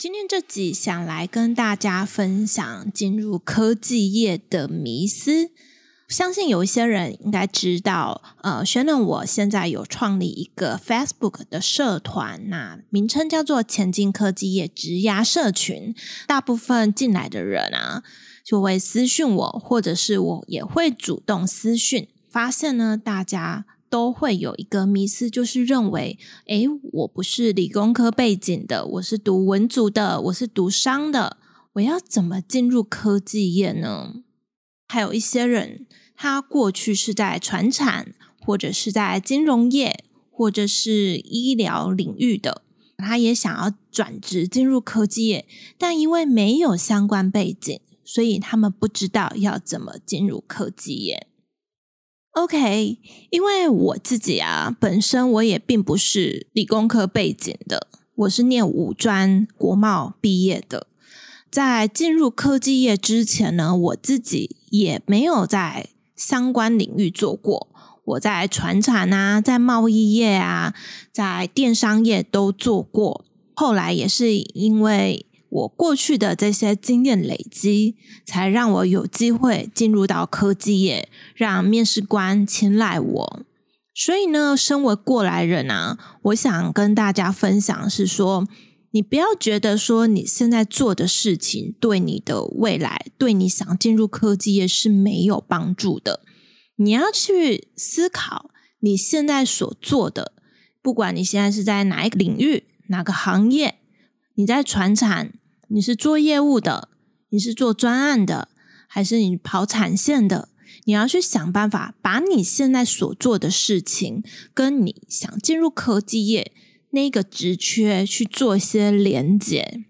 今天這集想來跟大家分享進入科技業的迷思。相信有一些人應該知道，呃，Shannon 我現在有創立一個 Facebook 的社團，那名稱叫做“前進科技業職涯社群”。大部分進來的人啊，就會私訊我，或者是我也會主動私訊，發現呢，大家都會有一個迷思，就是認為：哎，我不是理工科背景的，我是讀文組的，我是讀商的，我要怎麼進入科技業呢？還有一些人，他過去是在傳產，或者是在金融業，或者是醫療領域的，他也想要轉職進入科技業，但因為沒有相關背景，所以他們不知道要怎麼進入科技業。OK，因為我自己啊，本身我也並不是理工科背景的，我是念五專國貿畢業的。在進入科技業之前呢，我自己也沒有在相關領域做過。我在傳產啊，在貿易業啊，在電商業都做過。後來也是因為。我過去的這些經驗累積，才讓我有機會進入到科技業，讓面試官青睞我。所以呢，身為過來人啊，我想跟大家分享的是說，你不要覺得說你現在做的事情對你的未來、對你想進入科技業是沒有幫助的。你要去思考你現在所做的，不管你現在是在哪一個領域、哪個行業，你在傳產。你是做業務的，你是做專案的，還是你跑產線的？你要去想辦法，把你現在所做的事情，跟你想進入科技業那個職缺去做一些連結。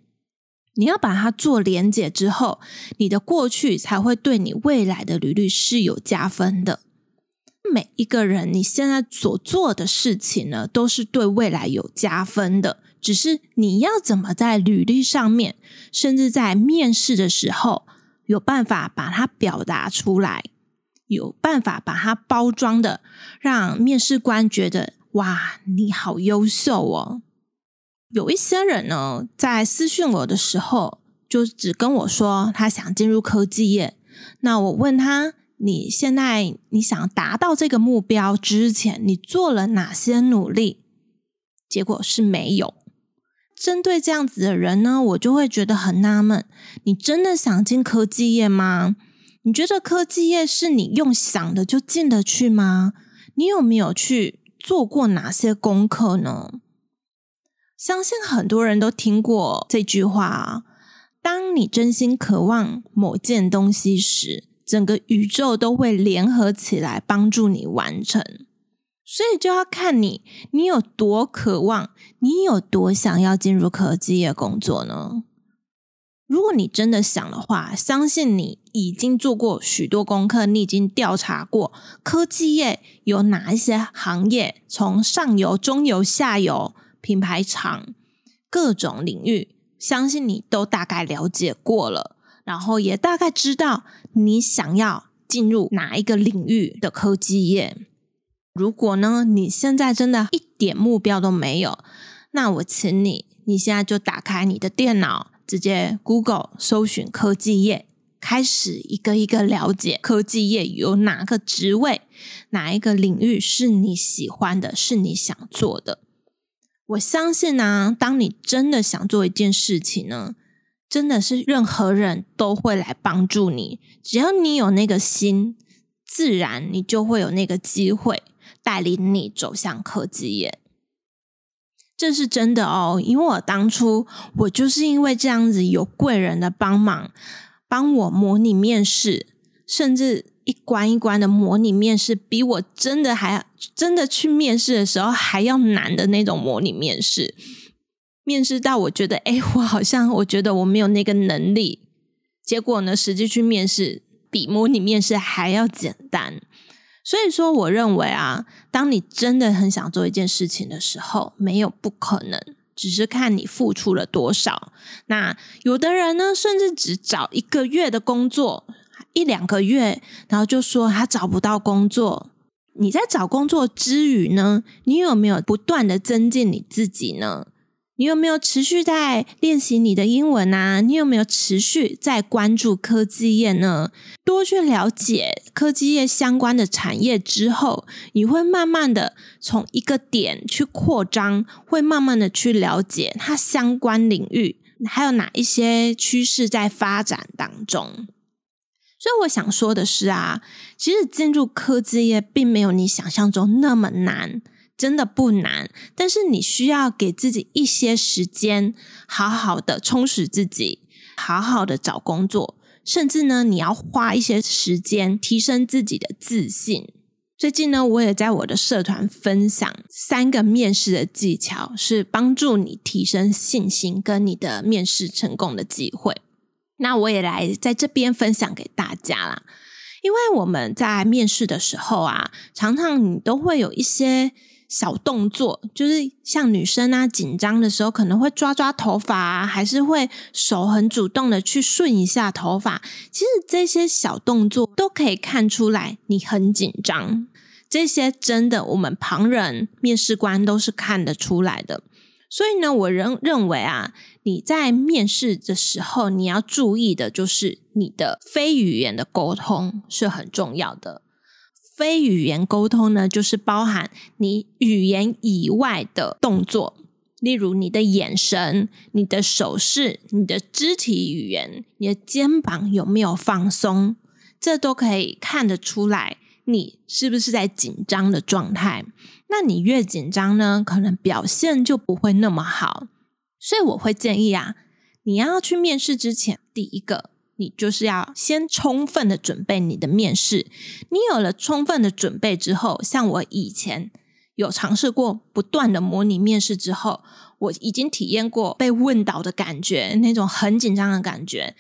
你要把它做連結之後，你的過去才會對你未來的履歷是有加分的。每一個人，你現在所做的事情呢，都是對未來有加分的。只是你要怎麼在履歷上面，甚至在面試的時候，有辦法把它表達出來，有辦法把它包裝的，讓面試官覺得哇，你好優秀哦。有一些人呢，在私訊我的時候，就只跟我說他想進入科技業。那我問他，你現在你想達到這個目標之前，你做了哪些努力？結果是沒有。針對這樣子的人呢，我就會覺得很納悶，你真的想進科技業嗎？你覺得科技業是你用想的就進得去嗎？你有沒有去做過哪些功課呢？相信很多人都聽過這句話，當你真心渴望某件東西時。整個宇宙都會聯合起來幫助你完成，所以就要看你，你有多渴望，你有多想要進入科技業工作呢？如果你真的想的話，相信你已經做過許多功課，你已經調查過科技業有哪一些行業，從上游、中游、下游、品牌廠、各種領域，相信你都大概了解過了。然後也大概知道你想要進入哪一個領域的科技業。如果呢，你現在真的一點目標都沒有，那我請你你現在就打開你的電腦，直接 Google 搜尋科技業，開始一個一個了解科技業有哪個職位，哪一個領域是你喜歡的，是你想做的。我相信呢、啊，當你真的想做一件事情呢。真的是任何人都會來幫助你，只要你有那個心，自然你就會有那個機會帶領你走向科技業。這是真的哦，因為我當初我就是因為這樣子有貴人的幫忙，幫我模擬面試，甚至一關一關的模擬面試，比我真的還真的去面試的時候還要難的那種模擬面試。面試到我覺得，哎、欸，我好像我覺得我沒有那個能力。結果呢，實際去面試比模擬面試還要簡單。所以說，我認為啊，當你真的很想做一件事情的時候，沒有不可能，只是看你付出了多少。那有的人呢，甚至只找一個月的工作，一兩個月，然後就說他找不到工作。你在找工作之餘呢，你有沒有不斷的增進你自己呢？你有沒有持續在練習你的英文啊？你有沒有持續在關注科技業呢？多去了解科技業相關的產業之後，你會慢慢的從一個點去擴張，會慢慢的去了解它相關領域還有哪一些趨勢在發展當中。所以我想說的是啊，其實進入科技業並沒有你想象中那麼難。真的不難，但是你需要給自己一些時間，好好的充實自己，好好的找工作，甚至呢，你要花一些時間提升自己的自信。最近呢，我也在我的社團分享三個面試的技巧，是幫助你提升信心跟你的面試成功的機會。那我也來在這邊分享給大家啦，因為我們在面試的時候啊，常常你都會有一些。小動作就是像女生啊，緊張的時候可能會抓抓頭髮啊，還是會手很主動的去順一下頭髮。其實這些小動作都可以看出來你很緊張。這些真的，我們旁人面試官都是看得出來的。所以呢，我仍認為啊，你在面試的時候，你要注意的就是你的非語言的溝通是很重要的。非語言溝通呢，就是包含你語言以外的動作，例如你的眼神、你的手勢、你的肢體語言、你的肩膀有沒有放鬆，這都可以看得出來你是不是在緊張的狀態。那你越緊張呢，可能表現就不會那麼好。所以我會建議啊，你要去面試之前，第一個，你就是要先充分的準備你的面試。你有了充分的準備之後，像我以前有嘗試過不斷的模擬面試之後，我已經體驗過被問倒的感覺，那種很緊張的感覺。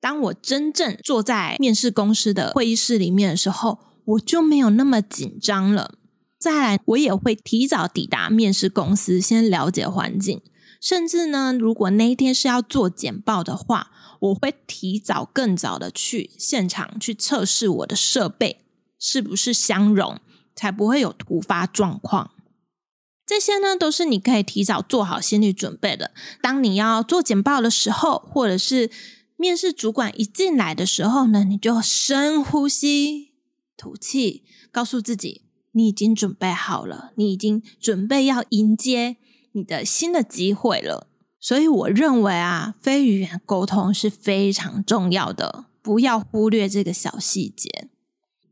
當我真正坐在面試公司的會議室裡面的時候，我就沒有那麼緊張了。再來，我也會提早抵達面試公司，先了解環境。甚至呢，如果那一天是要做簡報的話，我會提早更早的去現場去測試我的設備是不是相容，才不會有突發狀況。這些呢，都是你可以提早做好心理準備的。當你要做簡報的時候，或者是面試主管一進來的時候呢，你就深呼吸、吐氣，告訴自己你已經準備好了，你已經準備要迎接你的新的機會了，所以我認為啊，非語言溝通是非常重要的，不要忽略這個小細節。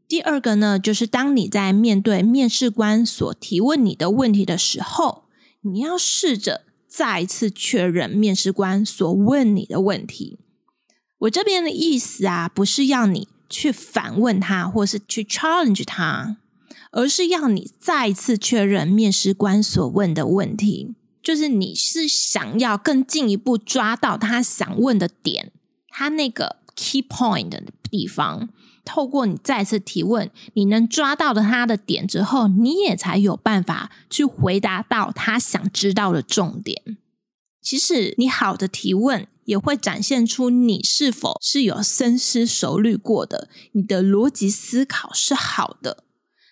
第二個呢，就是當你在面對面試官所提問你的問題的時候，你要試着再一次確認面試官所問你的問題。我這邊的意思啊，不是要你去反問他，或是去 challenge 他。而是要你再一次確認面試官所問的問題，就是你是想要更進一步抓到他想問的點，他那個 key point 的地方。透過你再次提問，你能抓到的他的點之後，你也才有辦法去回答到他想知道的重點。其實你好的提問，也會展現出你是否是有深思熟慮過的，你的邏輯思考是好的。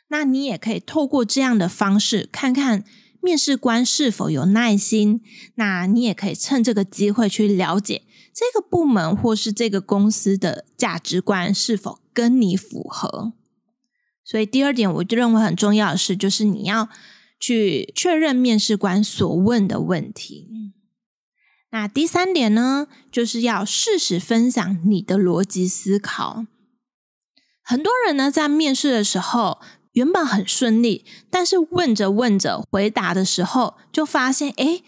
那你也可以透過這樣的方式，看看面試官是否有耐心。那你也可以趁這個機會去了解這個部門或是這個公司的價值觀是否跟你符合。所以第二點，我就認為很重要的是，就是你要去確認面試官所問的問題。那第三點呢，就是要適時分享你的邏輯思考。很多人呢，在面試的時候。原本很順利，但是問着問着，回答的時候就發現，哎，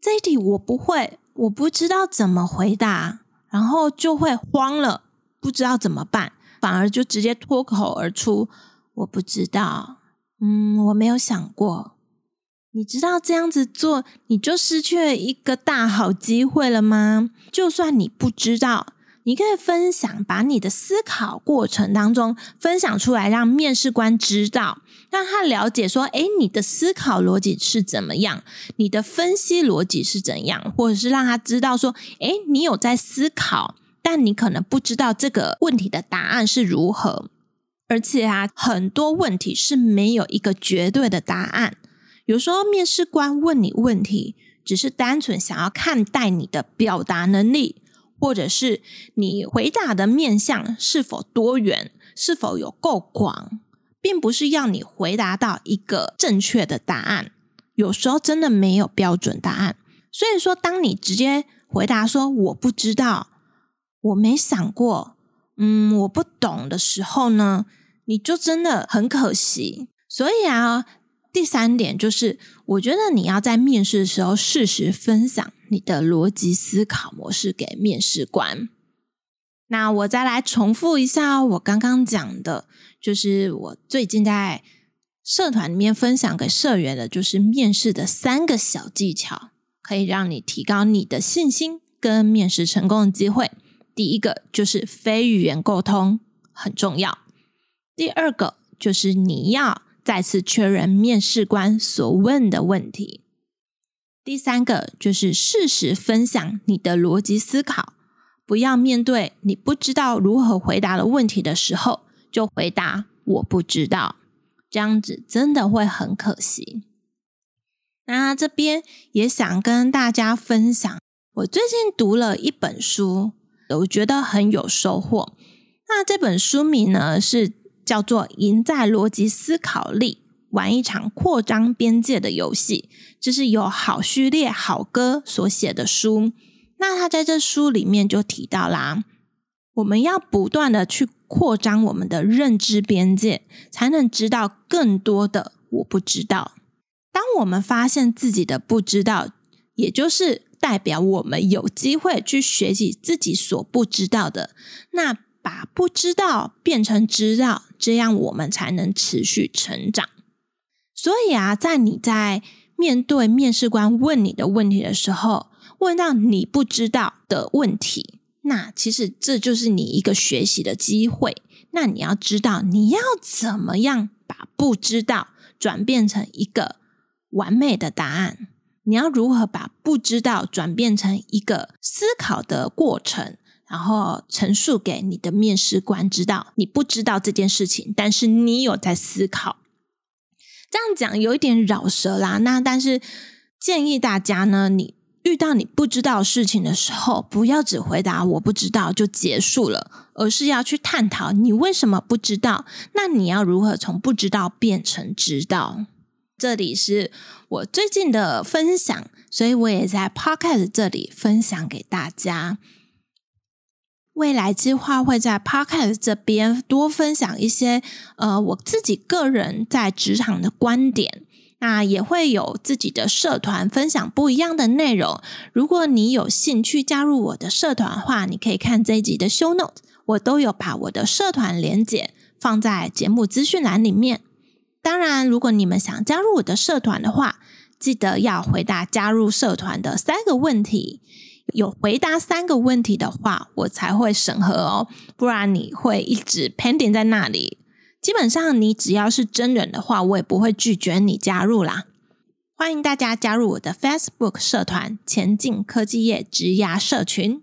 這一題我不會，我不知道怎麼回答，然後就會慌了，不知道怎麼辦，反而就直接脫口而出：“我不知道。”嗯，我沒有想過，你知道這樣子做，你就失去了一個大好機會了嗎？就算你不知道。你可以分享，把你的思考過程當中分享出來，讓面試官知道，讓他了解說，欸，你的思考邏輯是怎麼樣，你的分析邏輯是怎樣，或者是讓他知道說，欸，你有在思考，但你可能不知道這個問題的答案是如何。而且啊，很多問題是沒有一個絕對的答案。有時候面試官問你問題，只是單純想要看待你的表達能力。或者是你回答的面向是否多元，是否有夠廣，並不是要你回答到一個正確的答案。有時候真的沒有標準答案，所以說，當你直接回答說“我不知道”“我沒想過”“嗯，我不懂”的時候呢，你就真的很可惜。所以啊、哦。第三點就是，我覺得你要在面試的時候適時分享你的邏輯思考模式給面試官。那我再來重複一下哦，我剛剛講的，就是我最近在社團裡面分享給社員的，就是面試的三個小技巧，可以讓你提高你的信心跟面試成功的機會。第一個就是非語言溝通很重要，第二個就是你要。再次確認面試官所問的問題。第三個就是適時分享你的邏輯思考，不要面對你不知道如何回答的問題的時候就回答我不知道，這樣子真的會很可惜。那這邊也想跟大家分享，我最近讀了一本書，我覺得很有收穫。那這本書名呢是。叫做“贏在邏輯思考力”，玩一場擴張邊界的遊戲。這是由好序列好哥所寫的書。那他在這書裡面就提到啦，我們要不斷地去擴張我們的認知邊界，才能知道更多的我不知道。當我們發現自己的不知道，也就是代表我們有機會去學習自己所不知道的。那。把不知道變成知道，這樣我們才能持續成長。所以啊，在你在面對面試官問你的問題的時候，問到你不知道的問題，那其實這就是你一個學習的機會。那你要知道你要怎麼樣把不知道轉變成一個完美的答案？你要如何把不知道轉變成一個思考的過程？然後陳述給你的面試官知道，你不知道這件事情，但是你有在思考。這樣講有一點饒舌啦。那但是建議大家呢，你遇到你不知道事情的時候，不要只回答我不知道就結束了，而是要去探討你為什麼不知道，那你要如何從不知道變成知道？這裡是我最近的分享，所以我也在 Podcast 這裡分享給大家。未來計劃會在 Podcast 這邊多分享一些，呃，我自己個人在職場的觀點。那也會有自己的社團，分享不一樣的內容。如果你有興趣加入我的社團的話，你可以看這一集的 Show Note，我都有把我的社團連接放在節目資訊欄裡面。當然，如果你們想加入我的社團的話，記得要回答加入社團的三個問題。有回答三個問題的話，我才會審核哦，不然你會一直 pending 在那裡。基本上，你只要是真人的話，我也不會拒絕你加入啦。歡迎大家加入我的 Facebook 社團“前進科技業職涯社群”。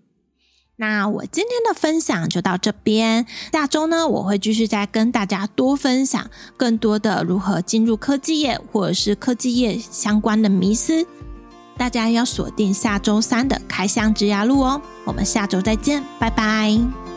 那我今天的分享就到這邊，下周呢，我會繼續再跟大家多分享更多的如何進入科技業或者是科技業相關的迷思。大家要鎖定下週三的開箱職涯路哦，我們下週再見，拜拜。